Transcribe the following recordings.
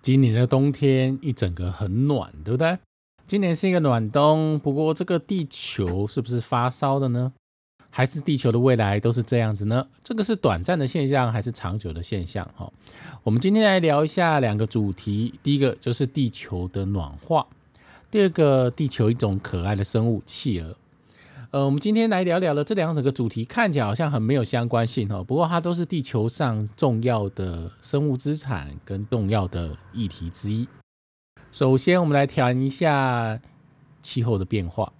今年的冬天一整個很暖，對不對？今年是一個暖冬，不過這個地球是不是發燒的呢？還是地球的未來都是這樣子呢？這個是短暫的現象還是長久的現象？哈，我們今天來聊一下兩個主題，第一個就是地球的暖化，第二個地球一種可愛的生物——企鵝。呃，我們今天來聊聊了這兩個主題，看起來好像很沒有相關性哦，不過它都是地球上重要的生物資產跟重要的議題之一。首先，我們來談一下氣候的變化。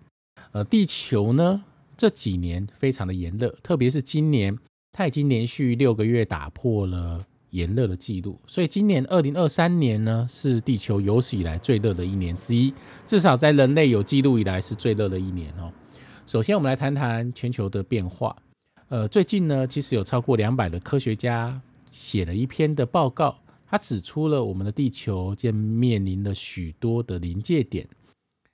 呃，地球呢這幾年非常的炎熱，特別是今年，它已經連續六個月打破了炎熱的記錄。所以今年二零二三年呢，是地球有史以來最熱的一年之一，至少在人類有記錄以來是最熱的一年哦。首先，我們來談談全球的變化。呃，最近呢，其實有超過兩百的科學家寫了一篇的報告，他指出了我們的地球現面臨了許多的臨界點。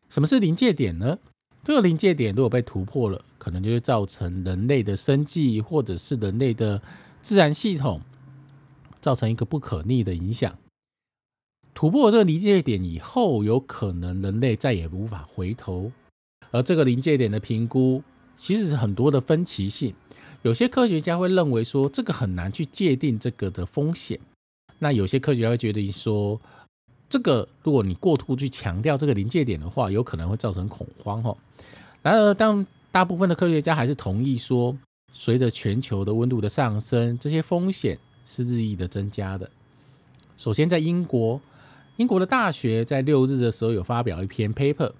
什麼是臨界點呢？這個臨界點如果被突破了，可能就會造成人類的生計或者是人類的自然系統造成一個不可逆的影響。突破這個臨界點以後，有可能人類再也無法回頭。而這個臨界點的評估其實是很多的分歧性。有些科學家會認為說，這個很難去界定這個的風險，那有些科學家會覺得說，這個如果你過度去強調這個臨界點的話，有可能會造成恐慌哈、哦。然而，當大部分的科學家還是同意說，隨着全球的溫度的上升，這些風險是日益的增加的。首先，在英國，英國的大學在六日的時候有發表一篇 paper。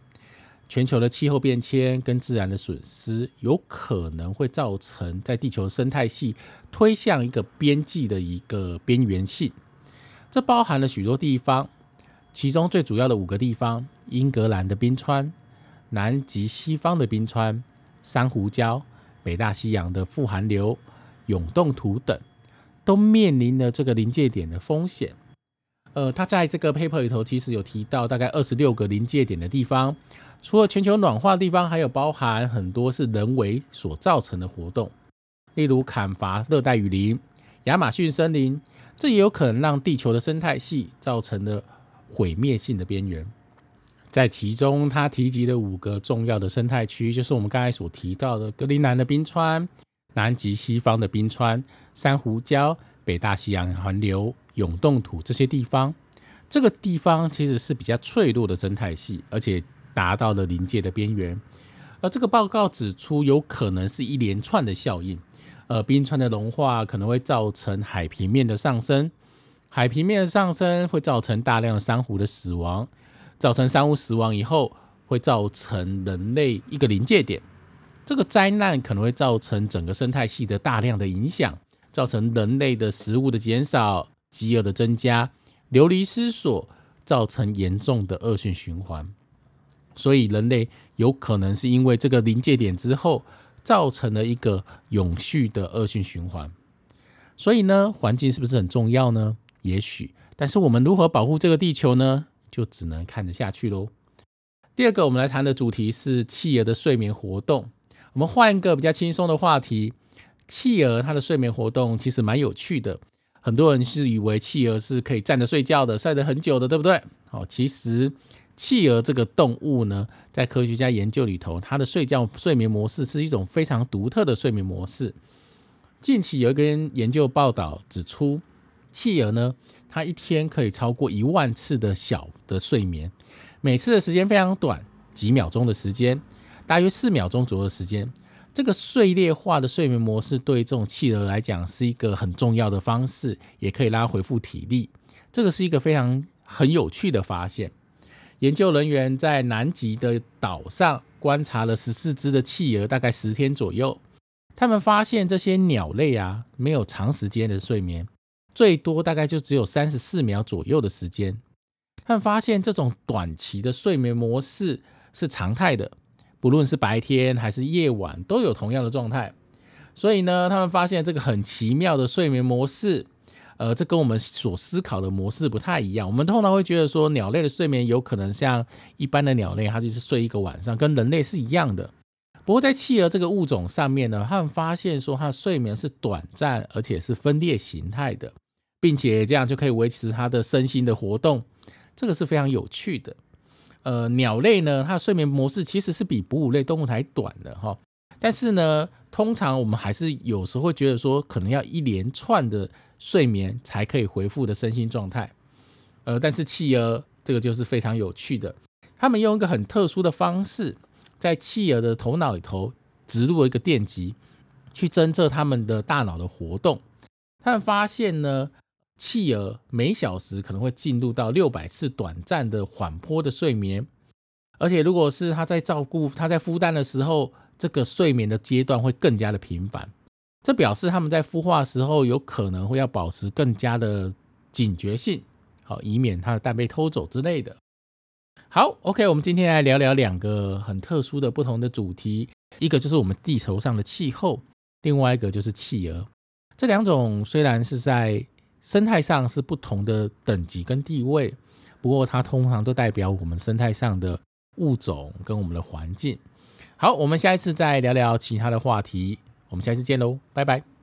全球的氣候變遷跟自然的損失，有可能會造成在地球生態系推向一個邊際的一個邊緣性。這包含了許多地方，其中最主要的五個地方：英格蘭的冰川、南極西方的冰川、珊瑚礁、北大西洋的富寒流、永凍土等，都面臨了這個臨界點的風險。呃，他在這個 paper 裡頭其實有提到大概二十六個臨界點的地方，除了全球暖化的地方，還有包含很多是人為所造成的活動，例如砍伐熱帶雨林、亞馬遜森林，這也有可能讓地球的生態系造成了毀滅性的邊緣。在其中，他提及的五個重要的生態區，就是我們剛才所提到的格陵蘭的冰川、南極西方的冰川、珊瑚礁。北大西洋環流、永凍土這些地方，這個地方其實是比較脆弱的生態系，而且達到了臨界的邊緣。而這個報告指出，有可能是一連串的效應。而、呃、冰川的融化可能會造成海平面的上升，海平面的上升會造成大量珊瑚的死亡，造成珊瑚死亡以後，會造成人類一個臨界點。這個災難可能會造成整個生態系的大量的影響。造成人類的食物的減少、飢餓的增加、流離失所，造成嚴重的惡性循環。所以人類有可能是因為這個臨界點之後，造成了一個永續的惡性循環。所以呢，環境是不是很重要呢？也許，但是我們如何保護這個地球呢？就只能看得下去嘍。第二個，我們來談的主題是企鵝的睡眠活動。我們換一個比較輕鬆的話題。企鵝它的睡眠活動其實蠻有趣的，很多人是以為企鵝是可以站着睡覺的，睡得很久的，對不對？好，其實企鵝這個動物呢，在科學家研究裡頭，它的睡覺睡眠模式是一種非常獨特的睡眠模式。近期有一篇研究報道指出，企鵝呢，它一天可以超過一萬次的小的睡眠，每次的時間非常短，幾秒鐘的時間，大約四秒鐘左右的時間。這個碎裂化的睡眠模式對這種企鵝來講是一個很重要的方式，也可以拉回復體力。這個是一個非常很有趣的發現。研究人員在南極的島上觀察了十四隻的企鵝，大概十天左右，他們發現這些鳥類啊，沒有長時間的睡眠，最多大概就只有三十四秒左右的時間。他們發現這種短期的睡眠模式是常態的。不論是白天還是夜晚，都有同樣的狀態。所以呢，他們發現這個很奇妙的睡眠模式。呃，這跟我們所思考的模式不太一樣。我們通常會覺得說，鳥類的睡眠有可能像一般的鳥類，它就是睡一個晚上，跟人類是一樣的。不過在企鵝這個物種上面呢，他們發現說，它的睡眠是短暫，而且是分裂形態的，並且這樣就可以維持它的身心的活動。這個是非常有趣的。呃，鳥類呢，它的睡眠模式其實是比哺乳類動物還短的哈。但是呢，通常我們還是有時候會覺得說，可能要一連串的睡眠才可以恢復的身心狀態。呃，但是企鵝這個就是非常有趣的，他們用一個很特殊的方式，在企鵝的頭腦裡頭植入了一個電極，去偵測他們的大腦的活動。他們發現呢，企鵝每小時可能會進入到六百次短暫的緩坡的睡眠，而且如果是它在照顧它在孵蛋的時候，這個睡眠的階段會更加的頻繁。這表示它們在孵化的時候有可能會要保持更加的警覺性，好，以免它的蛋被偷走之類的。好，OK，我們今天來聊聊兩個很特殊的不同的主題，一個就是我們地球上的氣候，另外一個就是企鵝。這兩種雖然是在生態上是不同的等級跟地位，不過它通常都代表我們生態上的物種跟我們的環境。好，我們下一次再聊聊其他的話題，我們下一次見嘍，拜拜。